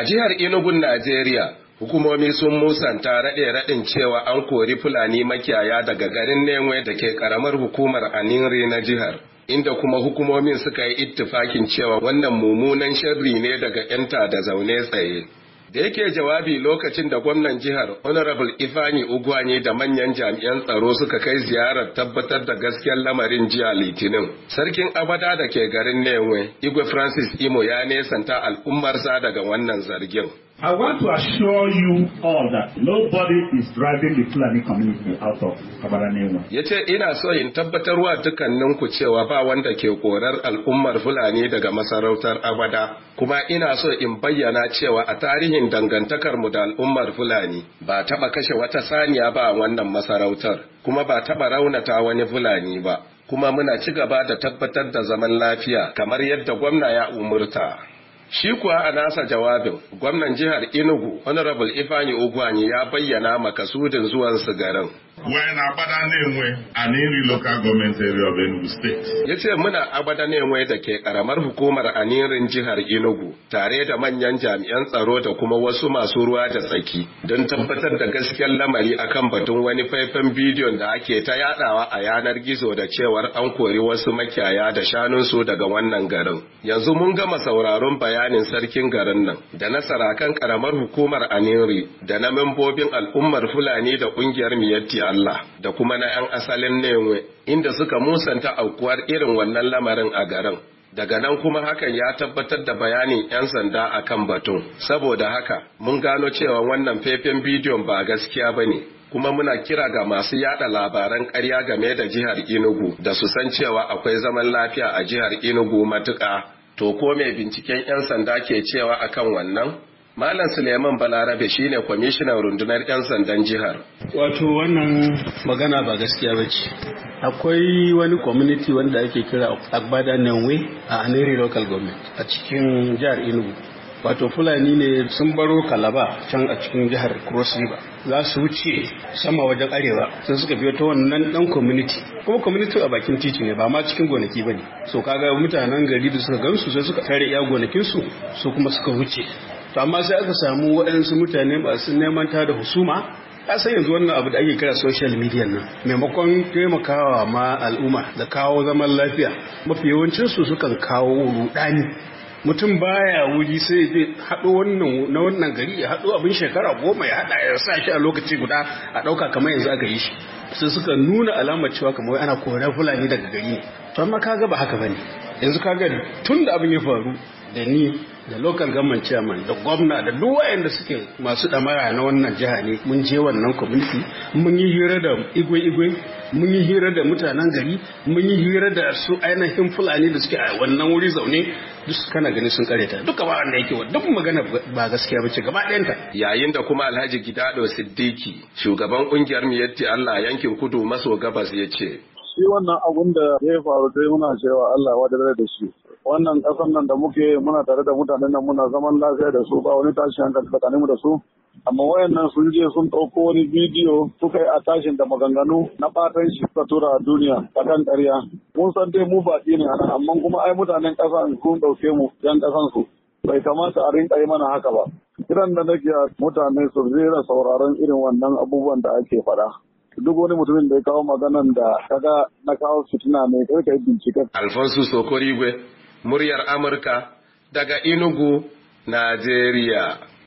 A jihar inugun Najeriya, hukumomi sun musanta raɗe raɗin cewa an kori Fulani makiyaya daga garin Nenwe da ke ƙaramar hukumar Aninri na jihar. Inda kuma hukumomin suka yi ittifakin cewa wannan mummunan sharri ne daga yanta da zaune tsaye. Da yake jawabi lokacin da gwamnan jihar Honorable Ifani Ugwani da manyan jami'an tsaro suka kai ziyarar tabbatar da gaskiyar lamarin jiya Litinin. Sarkin Abada da ke garin Newe, Igwe Francis Imo ya nesanta al'ummarsa daga wannan zargin. I want to assure you all that nobody is driving the Fulani community out of Kabaranewa. Ya ce ina so in tabbatarwa dukkaninku cewa ba wanda ke korar al'ummar Fulani daga masarautar abada, kuma ina so in bayyana cewa a tarihin dangantakarmu da al'ummar Fulani ba taɓa kashe wata saniya ba wannan masarautar, kuma ba taɓa raunata wani Fulani ba. Kuma muna ci gaba da tabbatar da zaman lafiya kamar yadda gwamna ya umurta. Shi kuwa a nasa jawabin, gwamnan jihar Enugu, Honorable Ifani Ogwani ya bayyana makasudin zuwan su garin. wee na agbada na-enwe local Government area of Enugu State. Ya ce muna agbada na-enwe da ke karamar hukumar anirin jihar Inugu tare da manyan jami'an tsaro da kuma wasu masu ruwa da tsaki don tabbatar da gaskiyar lamari akan batun wani faifan bidiyon da ake ta yadawa a yanar gizo da cewar an kori wasu makiyaya da shanunsu daga wannan garin. Yanzu mun gama sauraron bayanin sarkin garin nan da nasara kan karamar hukumar Aniri da na membobin al'ummar Fulani da kungiyar Miyatti Allah da kuma na ‘yan asalin Newe inda suka musanta aukuwar irin wannan lamarin a garin. Daga nan kuma hakan ya tabbatar da bayanin 'yan sanda a kan batun, saboda haka mun gano cewa wannan faifin bidiyon ba gaskiya ba ne, kuma muna kira ga masu yada labaran karya game da jihar inugu da su san cewa akwai zaman lafiya a jihar inugu matuka. To ko mai binciken 'yan sanda ke cewa akan wannan? Malam Suleiman Balarabe shine kwamishinan rundunar 'yan sandan jihar. Wato wannan magana ba gaskiya ba ce. Akwai wani community wanda ake kira Agbada Nenwe a Aniri local government a cikin jihar Enugu. Wato Fulani ne sun baro Kalaba can a cikin jihar Cross River. Za su wuce sama wajen arewa sun suka biyo ta wannan dan community. Kuma community a bakin titi ne ba ma cikin gonaki ba ne. So kaga mutanen gari da suka gansu sai suka tare iya gonakinsu su kuma suka wuce. to amma sai aka samu waɗansu mutane masu neman ta da husuma ka san yanzu wannan abu da ake kira social media nan maimakon taimakawa ma al'umma da kawo zaman lafiya mafi yawancin su sukan kawo rudani mutum baya wuri sai zai haɗo wannan na wannan gari ya haɗo abin shekara goma ya haɗa ya sa shi a lokaci guda a ɗauka kamar yanzu aka yi shi sai suka nuna alamar cewa kamar ana korar fulani daga gari to amma kaga ba haka bane yanzu ka gani tun da abin ya faru da ni da local government chairman da gwamna da duk wayanda suke masu ɗamara na wannan jiha ne mun je wannan community mun yi hira da igwe-igwe mun yi hira da mutanen gari mun yi hira da su ainihin fulani da suke a wannan wuri zaune duk kana gani sun kareta duka ba wanda yake duk magana ba gaskiya bace gaba ɗayanta yayin da kuma Alhaji Gidado Siddiki shugaban kungiyar Miyatti Allah yankin Kudu maso gabas ya ce shi wannan abun da ya faru dai muna cewa Allah dare da shi wannan kasan nan da muke muna tare da mutanen nan muna zaman lafiya da su ba wani tashin hankali tsakaninmu da su amma wayannan sun je sun ɗauko wani bidiyo suka yi a tashin da maganganu na ɓatan shi suka tura a duniya a kan ƙarya mun san dai mu baƙi ne ana amma kuma ai mutanen in sun ɗauke mu yan ƙasan su bai kamata a rinƙa yi mana haka ba kiran da nake mutane su zira sauraron irin wannan abubuwan da ake faɗa duk wani mutumin da ya kawo maganan da kaga na kawo fitina ne kai ka yi binciken. Alfonso Sokorigwe, muryar Amurka daga inugu Najeriya.